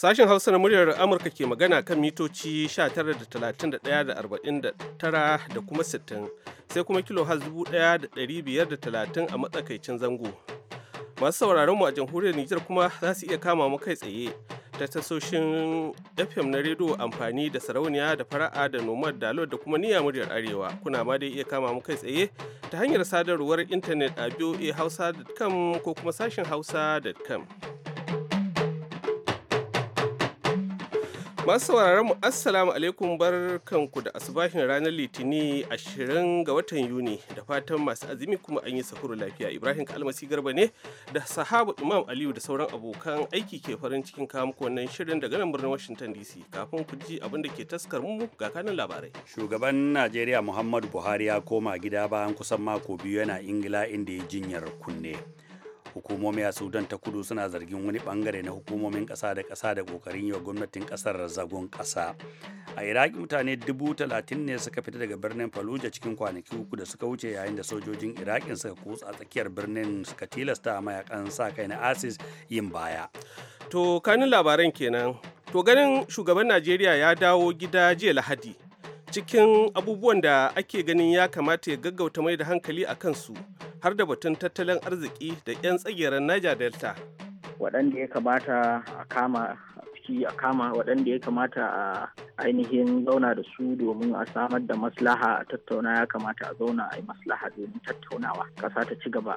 Sashen Hausa na muryar Amurka ke magana kan mitoci 19.31.49 da kuma 60 sai kuma kilo har 1,530 a matsakaicin zango. Masu sauraron mu a jamhuriyar Nijar kuma za su iya kama mu kai tsaye ta tasoshin FM na rediyo amfani da sarauniya da fara'a da nomad dalo da kuma niyya muryar arewa kuna ma dai iya kama mu kai tsaye ta hanyar sadarwar intanet a voahausa.com ko kuma sashen hausa.com. Masu sauraron mu Assalamu alaikum barkanku da asubahin ranar Litini 20 ga watan Yuni da fatan masu azumi kuma an yi sahuru lafiya. Ibrahim Kalmasi Garba ne da sahabu Imam Aliyu da sauran abokan aiki ke farin cikin ko wannan shirin daga nan birnin Washington DC. Kafin ku ji abin da ke taskar mu ga kanin labarai. Shugaban Najeriya Muhammadu Buhari ya koma gida bayan kusan mako biyu yana Ingila inda ya jinyar kunne. hukumomi a sudan ta kudu suna zargin wani bangare na hukumomin kasa da kasa da kokarin yi wa gwamnatin ƙasar zagon kasa a iraki mutane dubu talatin ne suka fita daga birnin fallujah cikin kwanaki uku da suka wuce yayin da sojojin iraki suka kutsa tsakiyar birnin suka tilasta a mayakan sa kai na asis yin baya to kanin labaran kenan to ganin shugaban najeriya ya dawo gida jiya lahadi cikin abubuwan da ake ganin ya kamata ya gaggauta mai da hankali a kansu har da batun tattalin arziki da 'yan tsagerar niger delta waɗanda ya kamata a kama lokaci a kama waɗanda ya kamata a ainihin zauna da su domin a samar da maslaha a tattauna ya kamata a zauna a yi maslaha domin tattaunawa ƙasa ta ci gaba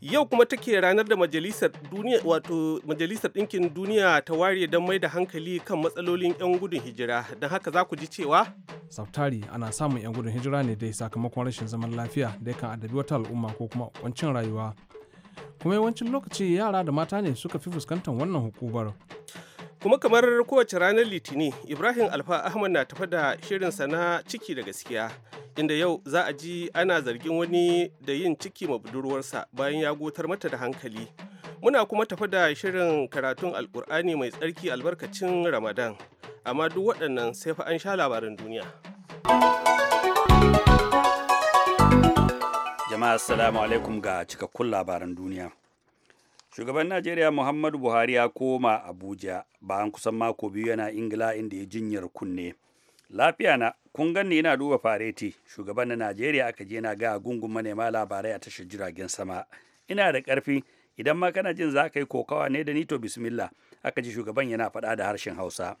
yau kuma take ranar da majalisar duniya wato majalisar ɗinkin duniya ta ware don mai da hankali kan matsalolin 'yan gudun hijira don haka za ku ji cewa sautari ana samun 'yan gudun hijira ne dai sakamakon rashin zaman lafiya da kan adabi wata al'umma ko kuma wancin rayuwa kuma yawancin lokaci yara da mata ne suka fi fuskantar wannan hukumar kuma kamar kowace ranar litini ibrahim alfa ahmad na tafa da shirinsa na ciki da gaskiya inda yau za a ji ana zargin wani da yin ciki ma budurwarsa bayan ya gotar mata da hankali muna kuma tafa da shirin karatun alkur'ani mai tsarki albarkacin ramadan amma duk waɗannan sai fa an sha labaran duniya jama'a assalamu alaikum ga cikakkun labaran duniya shugaban najeriya muhammadu buhari ya koma abuja bayan kusan mako biyu yana ingila inda ya jinyar kunne lafiya na kun ganni yana duba fareti shugaban na najeriya aka je na ga gungun manema labarai a tashar jiragen sama ina da karfi idan ma kana jin za ka yi kokawa ne da nito bismillah aka ji shugaban yana faɗa da harshen hausa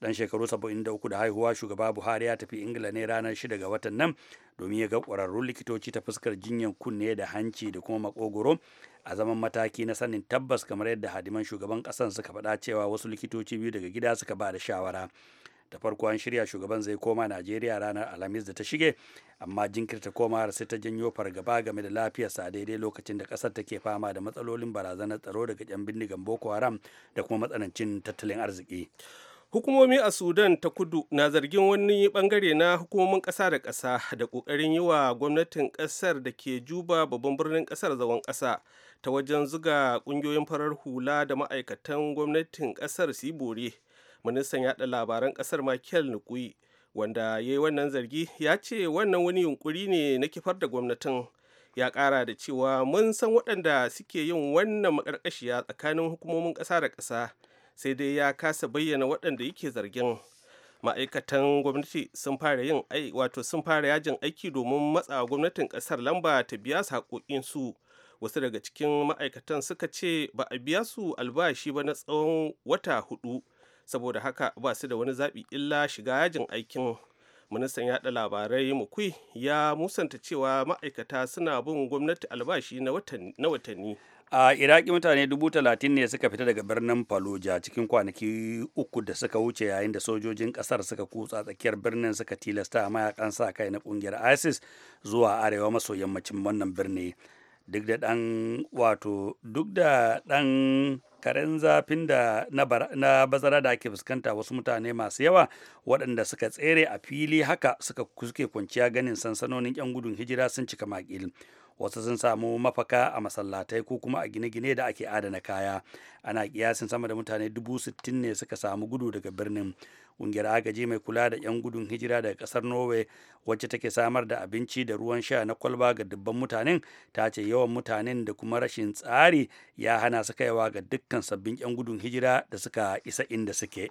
dan shekaru 73 da uku da haihuwa shugaba buhari ya tafi ingila ne ranar 6 ga watan nan domin ya ga ƙwararrun likitoci ta fuskar jinyar kunne da hanci da kuma makogoro a zaman mataki na sanin tabbas kamar yadda hadiman shugaban kasan suka faɗa cewa wasu likitoci biyu daga gida suka ba da shawara da farko an shirya shugaban zai koma najeriya ranar alhamis da ta shige amma jinkirta komawar sai ta janyo fargaba game da lafiyarsa daidai lokacin da kasar take fama da matsalolin barazanar tsaro daga yan bindigan boko haram da kuma matsanancin tattalin arziki hukumomi a sudan ta kudu na zargin wani bangare na hukumomin kasa da kasa da kokarin yi wa gwamnatin ƙasar da ke juba babban birnin ƙasar zagon kasa ta wajen zuga kungiyoyin farar hula da ma'aikatan gwamnatin ƙasar su yi bore ministan yaɗa labaran ƙasar michael nukui wanda ya yi wannan zargi ya ce wannan wani yunkuri ne na kifar da gwamnatin ya ƙara da cewa mun san waɗanda suke yin wannan maƙarƙashiya tsakanin hukumomin ƙasa da ƙasa sai dai ya kasa bayyana waɗanda yake zargin ma'aikatan gwamnati sun fara yin wato sun fara yajin aiki domin matsa gwamnatin ƙasar lamba ta biya su haƙoƙinsu wasu daga cikin ma'aikatan suka ce ba a biya su albashi ba na tsawon wata hudu saboda haka ba su da wani zaɓi illa shiga yajin aikin ministan yaɗa labarai mukui ya musanta cewa ma'aikata suna bin gwamnati albashi na watanni a iraki mutane dubu talatin ne suka fita daga birnin fallujah cikin kwanaki uku da suka wuce yayin da sojojin kasar suka kutsa tsakiyar birnin suka tilasta a mayakan sa kai na kungiyar isis zuwa arewa maso yammacin wannan birni duk da dan wato duk da dan karen zafin da na bazara da ake fuskanta wasu mutane masu yawa waɗanda suka tsere a fili haka suka kwanciya ganin sansanonin 'yan gudun hijira sun cika makil wasu sun samu mafaka a masallatai ko kuma a gine-gine da ake adana kaya ana kiyasin sama da mutane dubu sittin ne suka samu gudu daga birnin ƙungiyar agaji mai kula da 'yan gudun hijira daga ƙasar norway wacce take samar da abinci da ruwan sha na kwalba ga dubban mutanen ta ce yawan mutanen da kuma rashin tsari ya hana su kaiwa ga dukkan sabbin 'yan gudun hijira da suka isa inda suke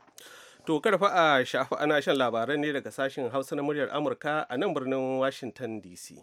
To karfa a shafa ana shan labaran ne daga sashen Hausa na muryar Amurka a nan birnin Washington DC.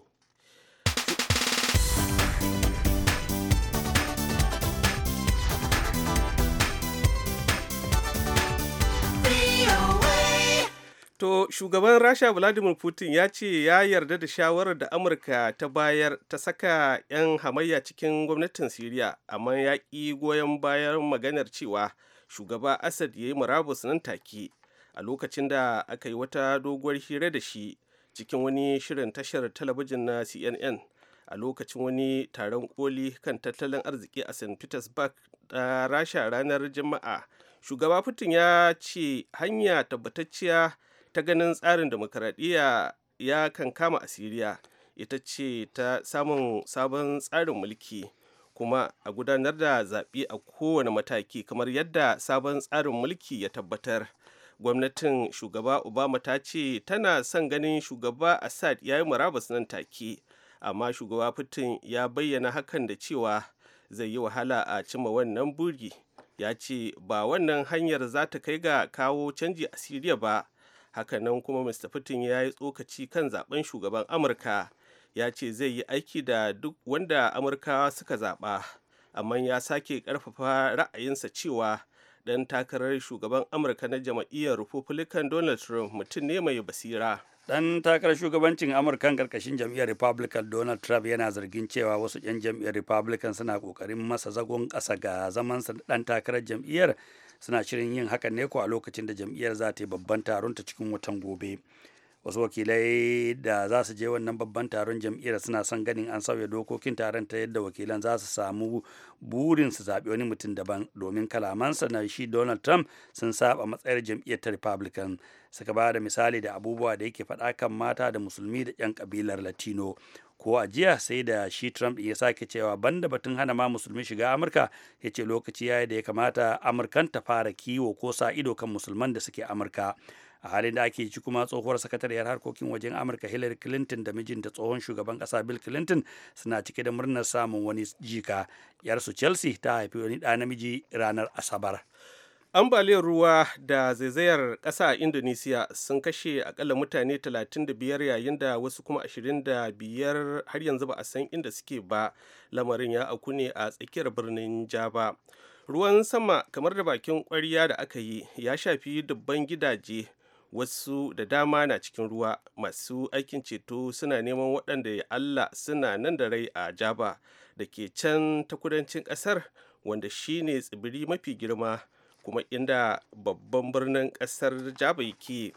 To shugaban Rasha Vladimir Putin ya ce ya yarda da shawarar da Amurka ta bayar ta saka 'yan hamayya cikin gwamnatin Siriya, amma ya ƙi goyon bayan maganar cewa shugaba Assad ya yi murabus nan take a lokacin da aka yi wata doguwar hira da shi cikin wani shirin tashar talabijin na CNN a lokacin wani taron koli kan tattalin arziki a St. Petersburg da Rasha ranar Juma'a. Shugaba Putin ya ce hanya tabbatacciya ta ganin tsarin demokaradiyya ya kan kama asiriya ita ce ta samun sabon tsarin mulki kuma a gudanar da zaɓe a kowane mataki kamar yadda sabon tsarin mulki ya tabbatar gwamnatin shugaba obama ta ce tana son ganin shugaba assad ya yi murabus nan take amma shugaba putin ya bayyana hakan da cewa zai yi wahala a cima wannan buri ya ce ba wannan hanyar za ta kai ga kawo canji a siriya ba hakanan kuma mr putin ya yi tsokaci kan zaben shugaban amurka ya ce zai yi aiki da duk wanda amurka suka zaba amma ya sake karfafa ra'ayinsa cewa dan takarar shugaban amurka na jam'iyyar republican donald trump mutum ne mai basira dan takarar shugabancin amurkan karkashin jam'iyyar republican donald trump yana zargin cewa wasu 'yan jam'iyyar republican suna kokarin masa zagon kasa ga zamansa dan takarar jam'iyyar suna shirin yin hakan ne ko a lokacin da jam'iyyar za ta yi babban taron ta cikin watan gobe wasu wakilai da za su je wannan babban taron jam'iyyar suna son ganin an sauya dokokin taron ta yadda wakilan za su samu burin su zaɓi wani mutum daban domin kalamansa na shi donald trump sun saba matsayar jam'iyyar ta republican suka ba da misali da abubuwa da yake faɗa kan mata da musulmi da 'yan kabilar latino ko a jiya sai da shi trump ya sake cewa banda batun hana ma musulmi shiga amurka ya ce lokaci ya da ya kamata amurkan ta fara kiwo ko sa ido kan musulman da suke amurka a halin da ake ci kuma tsohuwar sakatariyar harkokin wajen amurka hillary clinton da mijinta tsohon shugaban ƙasa bill clinton suna cike da murnar samun wani jika yarsu chelsea ta haifi wani ɗa namiji ranar asabar ambaliyar ruwa da zaizayar ƙasa a indonesiya sun kashe akalla mutane 35 yayin da wasu kuma 25 har yanzu ba a san inda suke ba lamarin ya auku ne a tsakiyar birnin java ruwan sama kamar da bakin kwariya da aka yi ya shafi dubban gidaje wasu da dama na cikin ruwa masu aikin ceto suna neman waɗanda ya allah suna nan da rai a java da ke can ta kudancin ƙasar wanda shine tsibiri mafi girma kuma inda babban birnin kasar jaba yake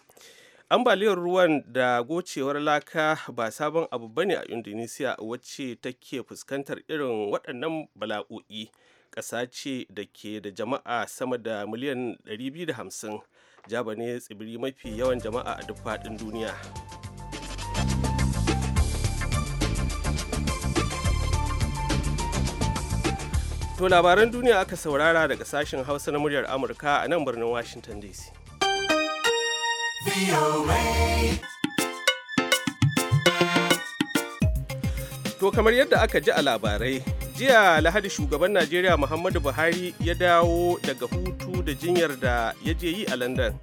ambaliyar ruwan da gocewar laka ba sabon abu bane a indonesia wacce take fuskantar irin waɗannan bala'o'i ƙasa ce da ke da jama'a sama da miliyan 250 jaba ne tsibiri mafi yawan jama'a a duk faɗin duniya To labaran duniya aka saurara daga sashen Hausa na muryar Amurka a nan birnin Washington DC. To kamar yadda aka ji a labarai, jiya lahadi shugaban Najeriya Muhammadu Buhari ya dawo daga hutu da jinyar da ya je yi a London.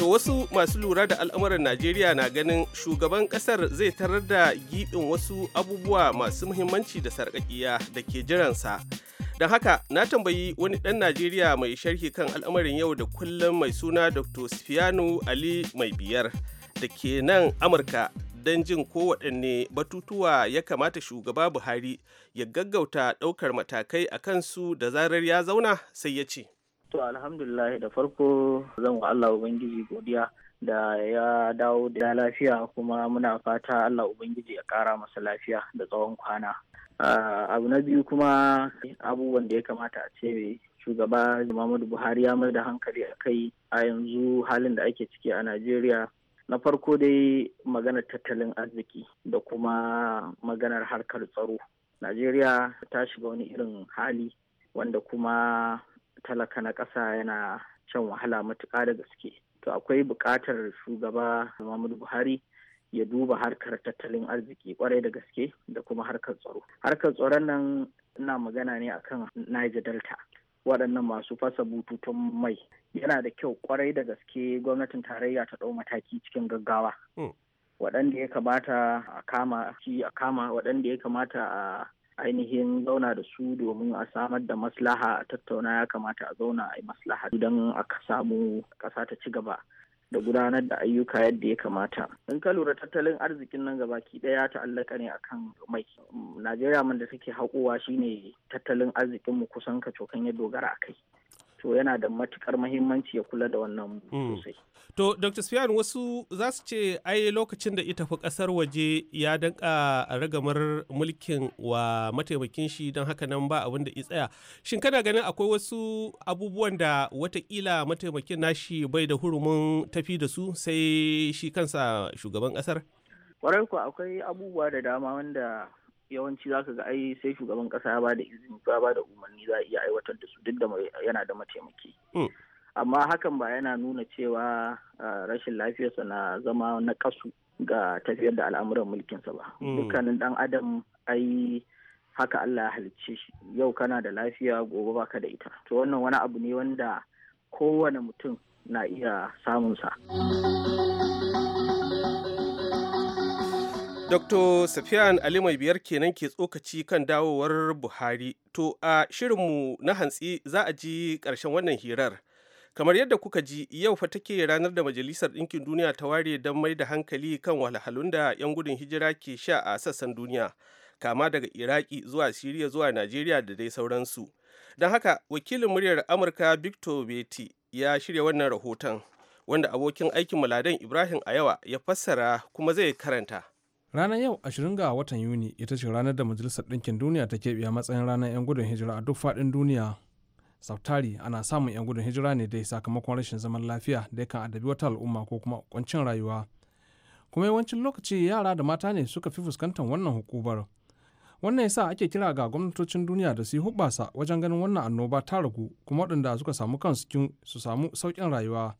To wasu masu lura da al'amuran Najeriya na ganin shugaban kasar zai tarar da giɓin wasu abubuwa masu muhimmanci da sarƙaƙiya da ke jiransa. Don haka na tambayi wani ɗan Najeriya mai sharhi kan al'amarin yau da kullum mai suna Dr. Sufiyanu Ali mai biyar da ke nan Amurka don jin kowaɗanne batutuwa ya kamata shugaba Buhari ya gaggauta ɗaukar matakai a kansu da zarar ya zauna sai ya ce. To alhamdulillah da farko zan wa Allah Ubangiji godiya da ya dawo da lafiya kuma muna fata Allah Ubangiji ya kara masa lafiya da tsawon kwana. Abu na biyu kuma abubuwan da ya kamata a ce shugaba Muhammadu Buhari ya mai da hankali a kai a yanzu halin da ake ciki a Najeriya. Na farko dai maganar tattalin arziki da kuma maganar harkar tsaro. Najeriya ta shiga wani irin hali wanda kuma talaka na ƙasa yana shan wahala matuƙa da gaske. to akwai buƙatar shugaba muhammadu buhari ya duba harkar tattalin arziki kwarai da gaske da kuma harkar tsaro harkar tsaron nan ina magana ne akan niger delta waɗannan masu fasa bututun mai yana da kyau kwarai da gaske gwamnatin tarayya ta ɗau mataki cikin gaggawa hmm. waɗanda ya kamata a kama shi a kama waɗanda ya kamata a ainihin zauna da su domin a samar da maslaha a tattauna ya kamata a zauna a yi maslaha don a samu ƙasa ta ci gaba da gudanar da ayyuka yadda ya kamata. In ka lura tattalin arzikin nan gabaki ɗaya allaka ne akan mai. Najeriya man da take haƙowa shine tattalin arzikin mu kusan kacokan ya dogara a kai. to yana da matukar mahimmanci ya kula da wannan hmm. sosai. To, Dr. Spiyan wasu za su ce ai lokacin da ita fi kasar waje ya danka ragamar mulkin wa mataimakin shi don haka nan ba abin da tsaya. Shin kana ganin akwai wasu abubuwan da watakila mataimakin nashi bai da hurumin tafi da su sai shi kansa shugaban ƙasar. Kwarai ku akwai abubuwa da dama wanda yawanci za ka ga ai sai shugaban kasa ya ba da izini ba ba da umarni za a iya aiwatar da su duk da yana da mataimaki. Hmm. Amma hakan ba yana nuna cewa rashin lafiyarsa na zama na kasu ga tafiyar da al'amuran mulkinsa ba. Hmm. Dukkanin dan adam ai haka Allah ya halicce shi yau kana da lafiya gobe baka da ita. To wannan wani abu ne wanda kowane mutum na iya samunsa. Dr. Safiyan Ali mai biyar kenan ke tsokaci kan dawowar Buhari. To a shirinmu na hantsi za a ji ƙarshen wannan hirar. Kamar yadda kuka ji yau fa take ranar da Majalisar Ɗinkin Duniya ta ware don mai da hankali kan wahalhalun da 'yan gudun hijira ke sha a sassan duniya, kama daga Iraki zuwa Siriya zuwa Najeriya da dai sauransu. Don haka wakilin muryar Amurka Victor Beti ya shirya wannan rahoton wanda abokin aikin Muladen Ibrahim a yawa ya fassara kuma zai karanta. ranar yau 20 ga watan yuni ita ce ranar da majalisar ɗinkin duniya ta keɓe a matsayin ranar 'yan gudun hijira a duk faɗin duniya sautari ana samun 'yan gudun hijira ne dai sakamakon rashin zaman lafiya da kan adabi wata al'umma ko kuma kwancin rayuwa kuma yawancin lokaci yara da mata ne suka fi fuskantar wannan hukubar wannan yasa ake kira ga gwamnatocin duniya da su yi hubbasa wajen ganin wannan annoba ta ragu kuma waɗanda suka samu kansu su samu sauƙin rayuwa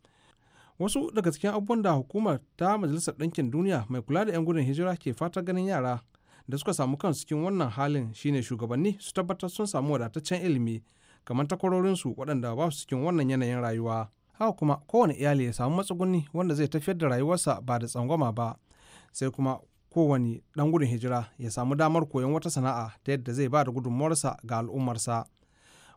wasu daga cikin abubuwan da hukumar ta majalisar ɗinkin duniya mai kula da 'yan gudun hijira ke fata ganin yara da suka samu kansu cikin wannan halin shine shugabanni su tabbatar sun samu wadataccen ilimi kamar takwarorinsu waɗanda ba su cikin wannan yanayin rayuwa haka kuma kowane iyali ya samu matsuguni wanda zai tafiyar da rayuwarsa ba da tsangwama ba sai kuma kowane ɗan gudun hijira ya samu damar koyon wata sana'a ta yadda zai ba da gudunmuwarsa ga al'ummarsa.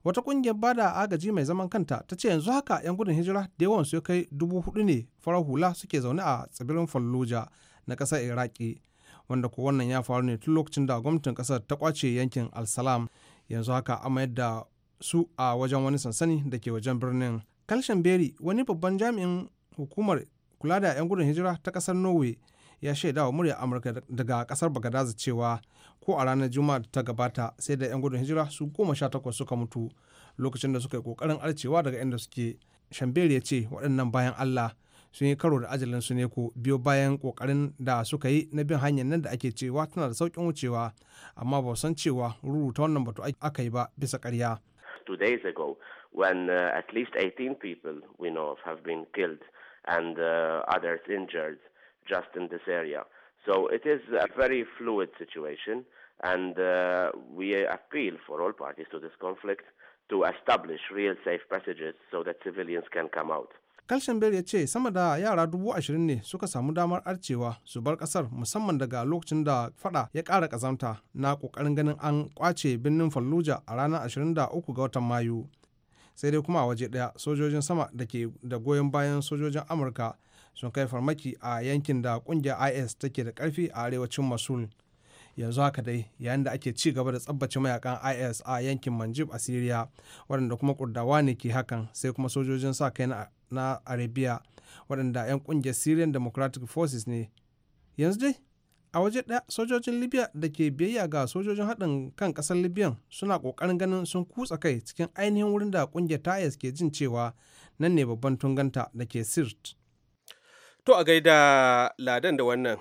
wata kungiyar bada agaji mai zaman kanta ta ce yanzu haka 'yan gudun hijira da yawan su kai dubu hudu ne farar hula suke zaune a tsibirin fallujah na ƙasar iraki wanda ko wannan ya faru ne tun lokacin da gwamnatin ƙasar ta kwace yankin al-salam yanzu haka a mayar da su a wajen wani sansani da ke wajen birnin kalshen beri wani babban jami'in hukumar kula da 'yan gudun hijira ta ƙasar norway ya shaidawa murya amurka daga kasar bagadaza cewa ko a ranar juma'a da ta gabata sai da 'yan gudun hijira su goma sha takwas suka mutu lokacin da suka yi kokarin arcewa daga inda suke shambeli ya ce waɗannan bayan allah sun yi karo da ajalin su ne ko biyo bayan kokarin da suka yi na bin hanyar nan da ake cewa tana da saukin wucewa amma ba san cewa rubuta wannan batu aka yi ba bisa ƙarya. two days ago when uh, at least 18 people we know of have been killed and uh, others injured just in this area. So it is a very fluid situation, and uh, we appeal for all parties to this conflict to establish real safe passages so that civilians can come out. Kalshenberg ya ce sama da yara dubu ashirin ne suka samu damar arcewa su bar kasar musamman daga lokacin da fada ya ƙara ƙazanta na ƙoƙarin ganin an ƙwace birnin Fallujah a ranar 23 ga watan Mayu. Sai dai kuma a waje ɗaya sojojin sama da ke da goyon bayan sojojin Amurka sun kai farmaki a yankin da kungiyar is take da karfi a arewacin masul yanzu haka dai yayin da ake ci gaba da tsabbace mayakan is a yankin manjib a syria waɗanda kuma kurdawa ne ke hakan sai kuma sojojin sa kai na arabia waɗanda 'yan kungiyar syrian democratic forces ne yanzu dai a waje ɗaya sojojin libya da ke biyayya ga sojojin haɗin kan ƙasar libyan suna ƙoƙarin ganin sun kutsa kai cikin ainihin wurin da ƙungiyar ta ke jin cewa nan ne babban tunganta da ke sirt To a gaida ladan da wannan.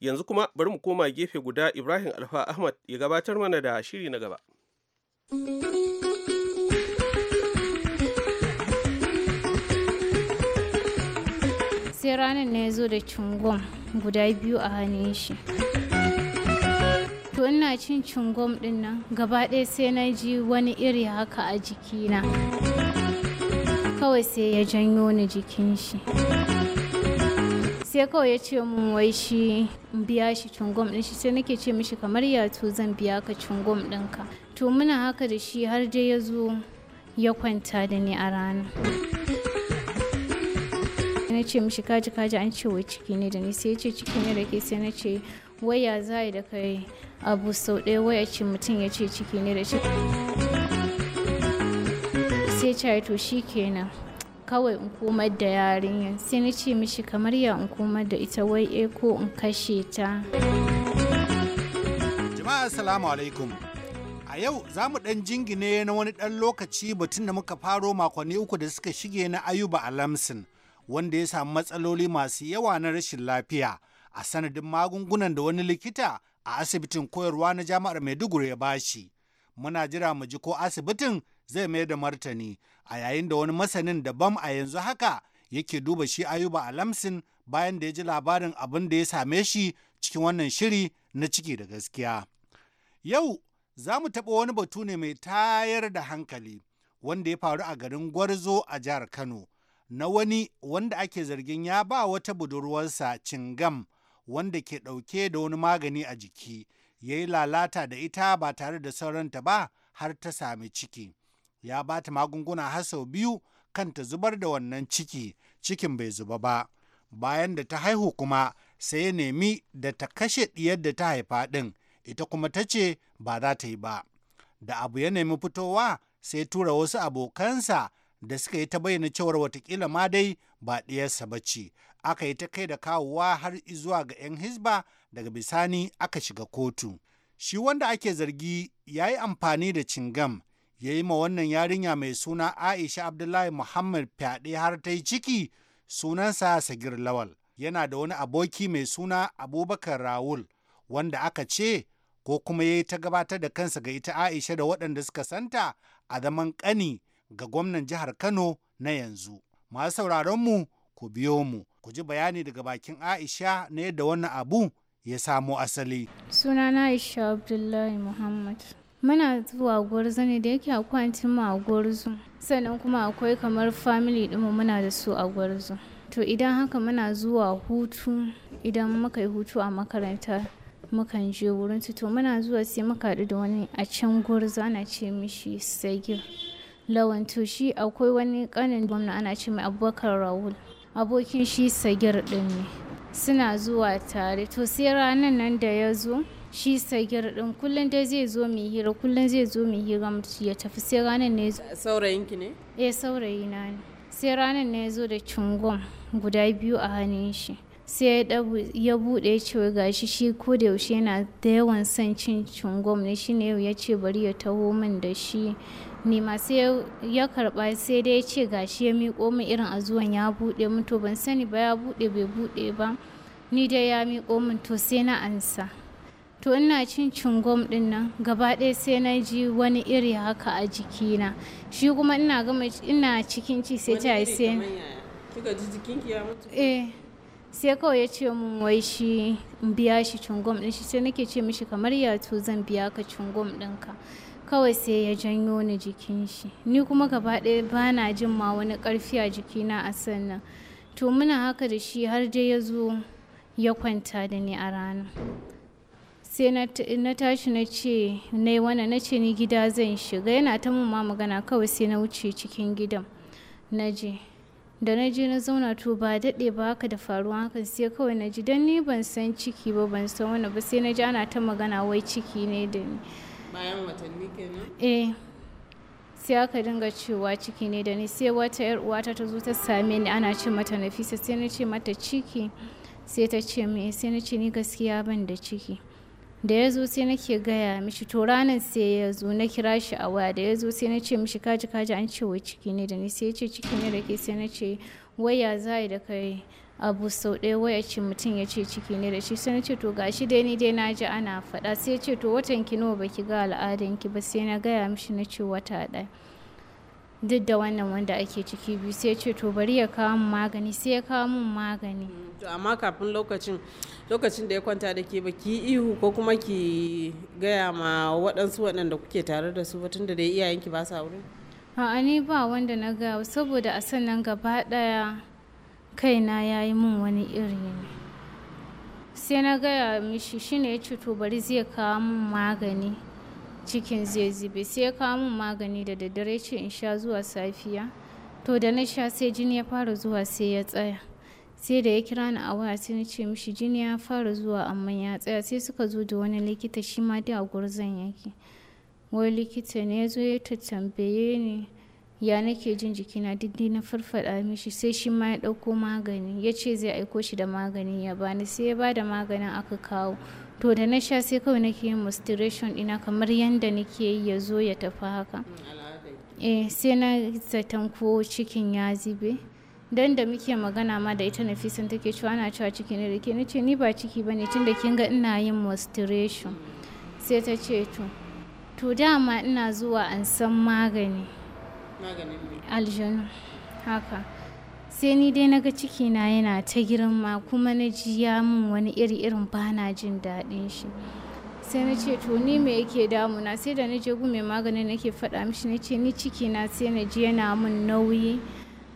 Yanzu kuma bari mu koma gefe guda Ibrahim Alfa Ahmad ya gabatar mana da shiri na gaba. Sai ranar na ya zo da cingom guda biyu a hannun shi. To ina cin cingom din nan gaba ɗaya sai na ji wani iri haka a jikina. Kawai sai ya janyo ni jikin shi. sai kawai ya ce mun wai shi biya shi cungom din shi sai nake ce mishi kamar ya tu zan biya ka cungom ɗinka to muna haka da shi har dai ya zo ya kwanta da ni a rana na ce mishi kaji kaji an ce wai ciki ne da ni sai ya ce ciki ne da ke sai na ce waya za da kai abu sau ɗaya waya ce mutum ya ce ciki ne da shi sai ce to shi kenan kawai in komar da yarinyar sai na ce mishi kamar ya in komar da ita wai e ko in kashe ta jama'a assalamu alaikum a yau za mu ɗan jingine na wani ɗan lokaci batun da muka faro makonni uku da suka shige na ayuba alamsin wanda ya samu matsaloli masu yawa na rashin lafiya a sanadin magungunan da wani likita a asibitin koyarwa na jami'ar maiduguri ya bashi muna jira mu ji ko asibitin zai mai da martani a yayin da wani masanin daban a yanzu haka yake duba shi ayuba a Lamsin bayan da ya ji labarin abin da ya same shi cikin wannan shiri na ciki da gaskiya yau za mu taɓa wani batu ne mai tayar da hankali wanda ya faru a garin gwarzo a jihar kano na wani wanda ake zargin ya ba wata budurwarsa cingam wanda ke ɗauke da wani magani a jiki ya yi lalata da ita ba tare da sauranta ba har ta sami ciki ya ba ta magunguna har sau biyu kan ta zubar da wannan ciki cikin bai zuba ba bayan da ta haihu kuma sai ya nemi da ta kashe ɗiyar da ta haifa ɗin ita kuma ta ce ba za ta yi ba da abu ya nemi fitowa sai tura wasu abokansa da suka yi ta bayyana cewar watakila ma dai ba ɗiyarsa ba ce aka yi ta kai da kawowa har zuwa ga 'yan hisba daga bisani aka shiga kotu shi wanda ake zargi ya yi amfani da cingam ya yi ma wannan yarinya mai suna Aisha Abdullahi Muhammad fyaɗe har ta yi ciki sunansa Sagir Lawal. Yana da wani aboki mai suna Abubakar Rawul wanda aka ce ko kuma ya yi ta gabatar da kansa ga ita Aisha da waɗanda suka santa a zaman ƙani ga gwamnan jihar Kano na yanzu. Masu sauraronmu ku biyo mu, ku ji bayani daga bakin Aisha na yadda wannan abu ya samo asali. Sunana Aisha Abdullahi Muhammad. muna zuwa gwarzo ne da yake akwatin mu a gwarzo sannan kuma akwai kamar family ɗinmu muna da su a gwarzo to idan haka muna zuwa hutu idan muka yi hutu a makaranta mukan je wurin to muna zuwa sai muka haɗu da wani a can gwarzo ana ce mishi sagir lawan to shi akwai wani kanin gwamna ana ce mai abubakar Rawul. abokin shi sagir din ne suna zuwa tare to sai ranar nan da ya zo shi sagir din kullum dai zai zo mai hira kullum zai zo mai hira mutu ya tafi sai ranar ne saurayin ki ne eh saurayi na ne sai ranar ne zo da cingom guda biyu a hannun shi sai ya bude ya ce gashi shi ko da yaushe yana da yawan son cin cungon ne shi yau ya ce bari ya taho min da shi ne masu ya karba sai dai ya ce gashi ya miƙo min irin a zuwan ya buɗe min to ban sani ba ya buɗe bai buɗe ba ni dai ya miƙo min to sai na ansa to ina cin cingom din nan gaba ɗaya sai na ji wani iri haka a jikina shi kuma ina gama ina cikin ci sai ta sai kika ji eh, sai kawai ya ce mun wai shi in biya shi cingom din shi sai nake ce mishi kamar ya to zan biya ka cingom ɗinka kawai sai ya janyo ni jikin shi ni kuma gaba ɗaya ba na jin ma wani karfi a jikina a sannan to muna haka da shi har dai ya zo ya kwanta da ni a rana sai na tashi na ce na yi wannan na ce ni gida zan shiga yana ta mun ma magana kawai sai na wuce cikin gidan na je da na je na zauna to ba daɗe ba haka da faruwa hakan sai kawai na ji don ni ban san ciki ba ban san wani ba sai na ji ana ta magana wai ciki ne da ni bayan watanni kenan eh sai aka dinga cewa ciki ne da ni sai wata yar uwata ta zo ta same ni ana ce mata nafisa sai na ce mata ciki sai ta ce me sai na ce ni gaskiya ban da ciki da ya zo sai nake gaya mishi to ranar sai ya zo na kira shi a waya da ya zo sai na ce mishi kaji kaji an ce wai ciki ne da ni sai ya ce ciki ne da ke sai na ce waya za da kai abu sau ɗaya waya ce mutum ya ce ciki ne da shi sai na ce to gashi dai ni dai na ji ana faɗa sai ya ce to watan ki nawa baki ga al'adanki ba sai na gaya mishi na ce wata ɗaya duk da wannan wanda ake ciki biyu sai ce to bari ya kawo mu magani sai ya kawo mu magani mm, to amma kafin lokacin lokacin da ya kwanta da ke baki ihu ko kuma ki gaya ma waɗansu waɗanda kuke tare da su tunda da dai iyayenki ba sa wurin a'a ni ba wanda na ga saboda a sannan gaba ɗaya kaina ya yi min wani iri ne sai na gaya mishi shine ya ce to bari zai kawo mun magani cikin zai zube sai ya kawo min magani da daddare ce in sha zuwa safiya to da na sha sai jini ya fara zuwa sai ya tsaya sai da ya kira ni a waya sai na ce mishi jini ya fara zuwa amma ya tsaya sai suka zo da wani likita shi ma dai a gurzan yake wani likita ne ya zo ya tattambaye ni ya nake jin jiki na diddi na farfada mishi sai shi ma ya ɗauko magani ya ce zai aiko shi da magani ya bani sai ya ba da maganin aka kawo to da na sha sai kawai nake yin masturation ina kamar yadda nake yi ya zo ya tafi haka mm, eh sai na zaton ko cikin ya zibe dan da muke magana ma da ita nafisan take cewa ana cewa ciki ne da ke na ce ni ba ciki bane tun da kin ga ina yin masturation sai ta ce to to dama ina zuwa an san magani maganin aljanu haka sai ni dai naga ga na yana ta girma kuma na ji ya min wani iri irin bana jin daɗin shi sai na ce to ni me yake damuna sai da na je gume maganin nake faɗa mishi na ce ni cikina sai na ji yana mun nauyi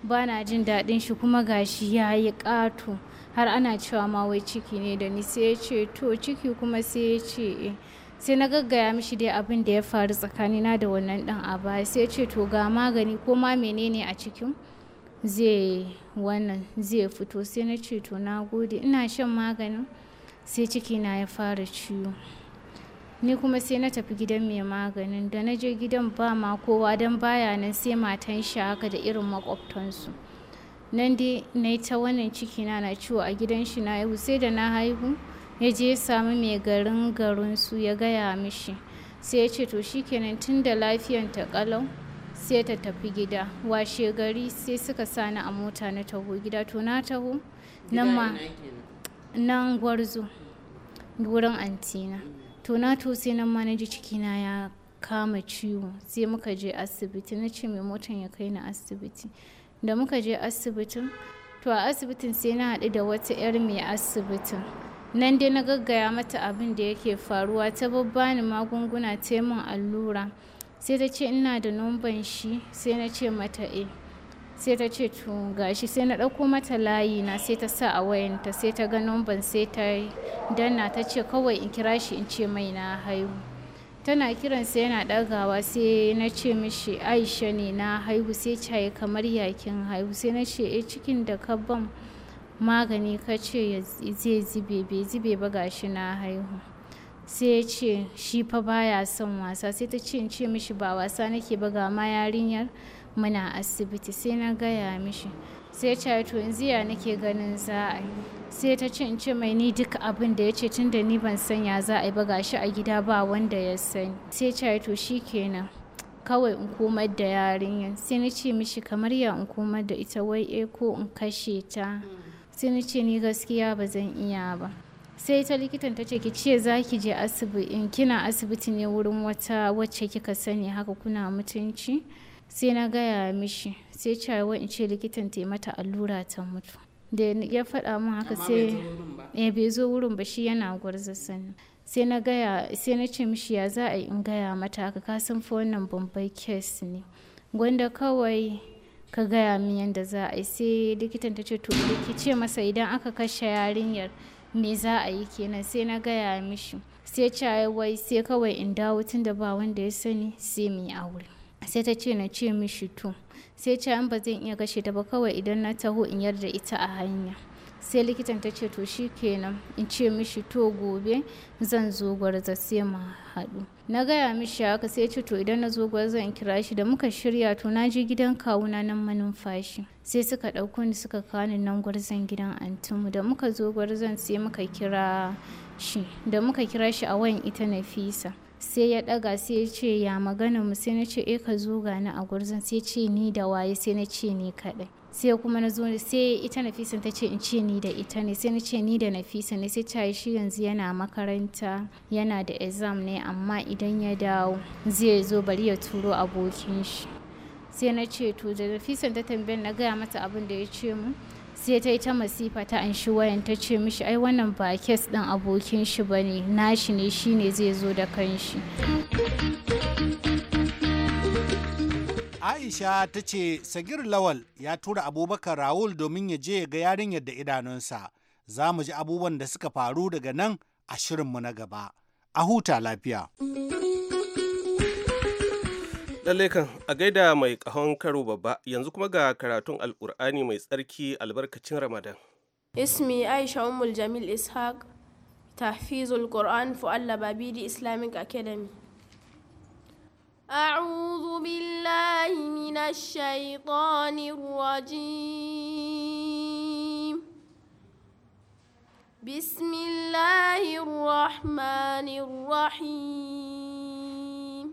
bana jin daɗin shi kuma gashi ya yi ƙato har ana cewa ma wai ciki ne da ni sai ya ce to ciki kuma sai ya ce eh. sai na gaggaya mishi dai abin da ya faru tsakanina da wannan dan a baya sai ya ce to ga magani ko ma menene a cikin zai wannan zai fito sai na ce to na gode ina shan maganin sai cikina ya fara ciwo ni kuma sai na tafi gidan mai maganin da na je gidan ba ma kowa don baya nan sai matan shi haka da irin makwabtansu nan dai na yi ta wannan ciki na ciwo a gidan shi na haihu sai da na haihu ya je ya samu mai garin garinsu ya gaya mishi sai ya ce to shikenan tun da lafiyan ta kalau sai ta tafi gida washe gari sai suka sani a mota na taho gida to na taho nan gwarzo wurin antina to na to sai nan ma na ji cikina ya kama ciwo sai muka je asibiti na ce mai motan ya kai na asibiti da muka je asibitin to a asibitin sai na haɗu da wata 'yar mai asibitin nan dai na gaggaya mata abin da yake faruwa ta babbani magunguna ta min allura sai ta ce ina da numban shi sai na ce mata e sai ta ce tunga gashi sai na ɗauko mata layi na sai ta sa a wayanta sai ta ga numban sai ta danna ta ce kawai in kira shi in ce mai na haihu tana kiran sai yana ɗagawa sai na ce mishi aisha ne na haihu sai caye kamar yakin haihu sai na ce e cikin da ka ban magani ka ce zai zube bai zube ba gashi na haihu sai ya ce shi fa baya son wasa sai ta ce ce mishi ba wasa nake ba ga ma yarinyar muna asibiti sai na gaya mishi sai ta to yanzu ya nake ganin za a yi sai ta ce ce mai ni duk abin da ya ce tun da ni ban san ya za a yi ba gashi a gida ba wanda ya sani sai ta to shi kenan kawai in komar da yarinyar sai na ce mishi kamar ya in komar da ita wai eh ko in kashe ta mm. sai na ce ni gaskiya ba zan iya ba sai ta likitan ta ce ki ce za ki je asibiti kina asibiti ne wurin wata wacce kika sani haka kuna mutunci sai na gaya mishi sai cewa in ce likitan ta yi mata allura ta mutu da ya faɗa min haka sai ya eh, bai zo wurin ba shi yana gwarza sani sai na gaya sai na ce mishi ya za a in gaya mata haka ka san fa wannan bambai kes ne gwanda kawai ka gaya min yadda za a yi sai likitan ta ce to ki ce masa idan aka kashe yarinyar ne za a yi kenan sai na gaya mishi sai caye wai sai kawai in dawo tun da ba wanda ya sani sai mu yi aure sai ta ce na ce mishi to sai ce an ba zan iya kashe ta ba kawai idan na taho in yarda ita a hanya sai likitan ta ce to shi kenan in ce mishi to gobe zan zo gwarza sai mu haɗu na gaya mishi haka sai ce to idan na zo gwarza in kira shi da muka shirya to na je gidan kawuna nan manumfashi sai suka ɗauko ni suka kawo nan gwarzan gidan antinmu da muka zo gwarzan sai muka kira shi da muka kira shi a wayan ita na fisa sai ya ɗaga sai ya ce ya magana mu sai na ce e ka zo gani a gwarzan sai ce ni da waye sai na ce ni kaɗai sai kuma na zo sai ita nafisa ta ce in ce ni da ita ne sai na ce ni da nafisa ne sai ta shi yanzu yana makaranta yana da exam ne amma idan ya dawo zai zo bari ya turo abokin shi sai na ce to da nafisa ta tambayar na gaya mata abin da ya ce mu sai ta yi ta masifa ta an shi wayan ta ce mishi ai wannan ba kes din abokin shi bane nashi ne shine zai zo da kanshi Aisha ta ce Sagir Lawal ya tura Abubakar Rawul domin ya je ga yarinyar da idanunsa. Za mu ji abubuwan da suka faru daga nan a mu na gaba. A huta lafiya. Lallai a gaida mai ƙahon karo babba yanzu kuma ga karatun Alƙur'ani mai tsarki albarkacin Ramadan. Ismi Aisha Ummul Jamil Ishaq, Tahfizul Qur'an for Allah Babidi Islamic Academy. أعوذ بالله من الشيطان الرجيم بسم الله الرحمن الرحيم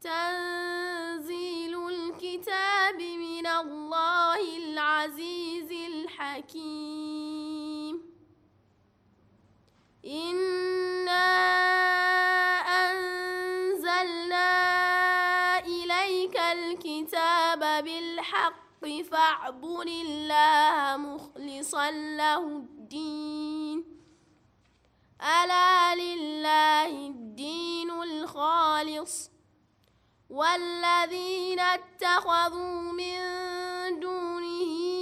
تنزيل الكتاب من الله العزيز الحكيم إِنَّا فاعبد الله مخلصا له الدين ألا لله الدين الخالص والذين اتخذوا من دونه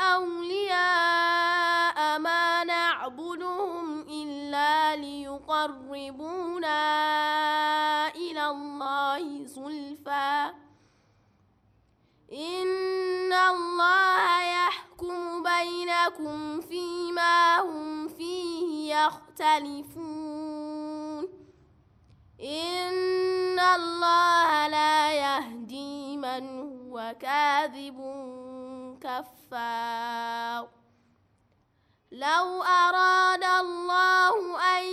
أولياء ما نعبدهم إلا ليقربون إن الله يحكم بينكم فيما هم فيه يختلفون إن الله لا يهدي من هو كاذب كفار لو أراد الله أن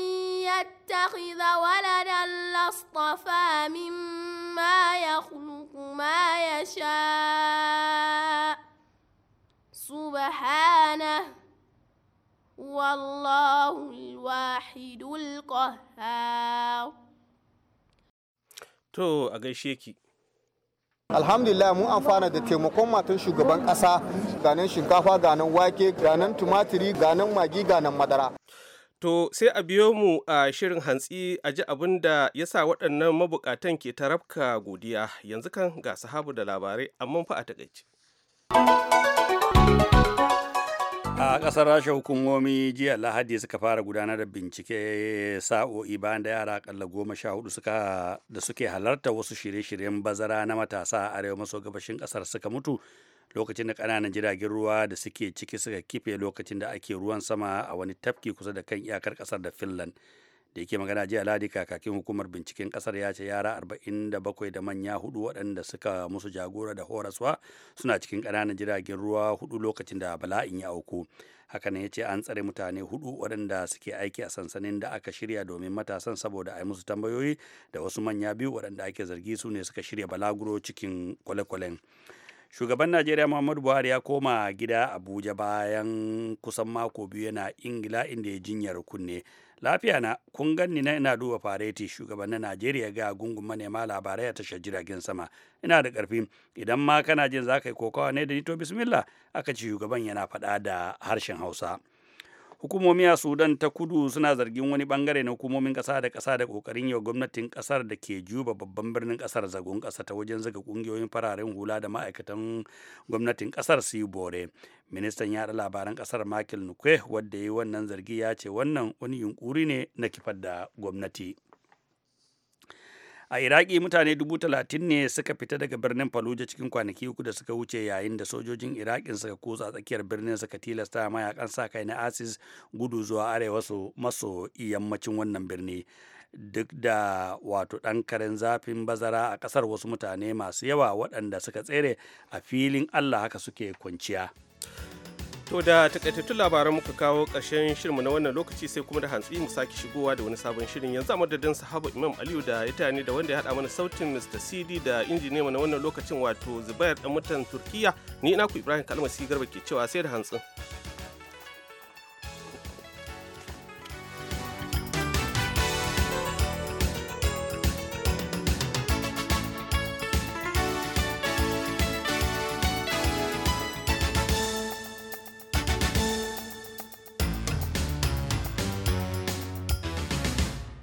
يت يتخذ ولدا لاصطفى مما يخلق ما يشاء سبحانه والله الواحد القهار تو a alhamdulillah mun amfana da taimakon matan shugaban kasa ganin shinkafa ganin wake ganin tumatiri ganin magi ganin madara To sai a biyo mu a shirin hantsi a ji abin da ya sa waɗannan mabukatan ke tarafka godiya yanzu kan ga sahabu da labarai amma fa a takaice. a ƙasar rasha hukumomi jiya lahadi suka fara gudanar da bincike sa'o'i bayan da yara akalla goma sha hudu suka da suke halarta wasu shirye-shiryen bazara na matasa a arewa maso gabashin ƙasar suka mutu lokacin da kananan jiragen ruwa da suke ciki suka kife lokacin da ake ruwan sama a wani tafki kusa da kan iyakar kasar da finland da yake magana jiya ladi kakakin hukumar binciken kasar ya ce yara 47 da manya hudu waɗanda suka musu jagora da horaswa suna cikin kananan jiragen ruwa hudu lokacin da bala'in ya auku hakan ya ce an tsare mutane hudu waɗanda suke aiki a sansanin da aka shirya domin matasan saboda a yi musu tambayoyi da wasu manya biyu waɗanda ake zargi su ne suka shirya balaguro cikin kwale-kwalen. shugaban najeriya muhammadu buhari ya koma gida abuja bayan kusan mako biyu yana ingila inda ya jinyar kunne lafiya na kun ganni na ina duba fareti shugaban na najeriya ga gungun manema labarai a tashar jiragen sama ina da karfi idan ma kana jin za ka yi kokawa ne da ni to bismillah aka ce shugaban yana faɗa da harshen hausa hukumomi a sudan ta kudu suna zargin wani bangare na hukumomin kasa da kasa da kokarin yau gwamnatin kasar da ke juba babban birnin kasar zagon kasa ta wajen zaga kungiyoyin fararen hula da ma'aikatan gwamnatin kasar su yi bore ministan yada labaran kasar michael nukwe wadda ya yi wannan zargi ya ce wannan wani yunkuri ne na kifar da gwamnati a iraki mutane dubu talatin ne suka fita daga birnin fallujah cikin kwanaki uku da suka wuce yayin da sojojin iraki suka kutsa tsakiyar birnin suka tilasta mayakan sa kai na asis gudu zuwa arewa maso yammacin wannan birni duk da wato dan karen zafin bazara a kasar wasu mutane masu yawa waɗanda suka tsere a filin allah haka suke kwanciya. To da takaitattun labaran muka kawo ƙarshen shirmu na wannan lokaci sai kuma da hantsi mu sake shigowa da wani sabon shirin yanzu a madadin sahaba Imam Aliyu da ya tayani da wanda ya haɗa mana sautin Mr. CD da injiniya na wannan lokacin wato Zubair dan mutan Turkiya ni ina ku Ibrahim Kalmasi Garba ke cewa sai da hantsi.